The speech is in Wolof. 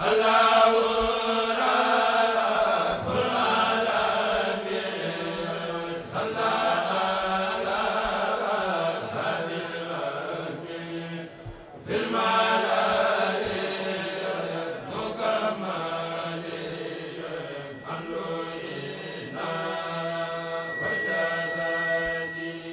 Allah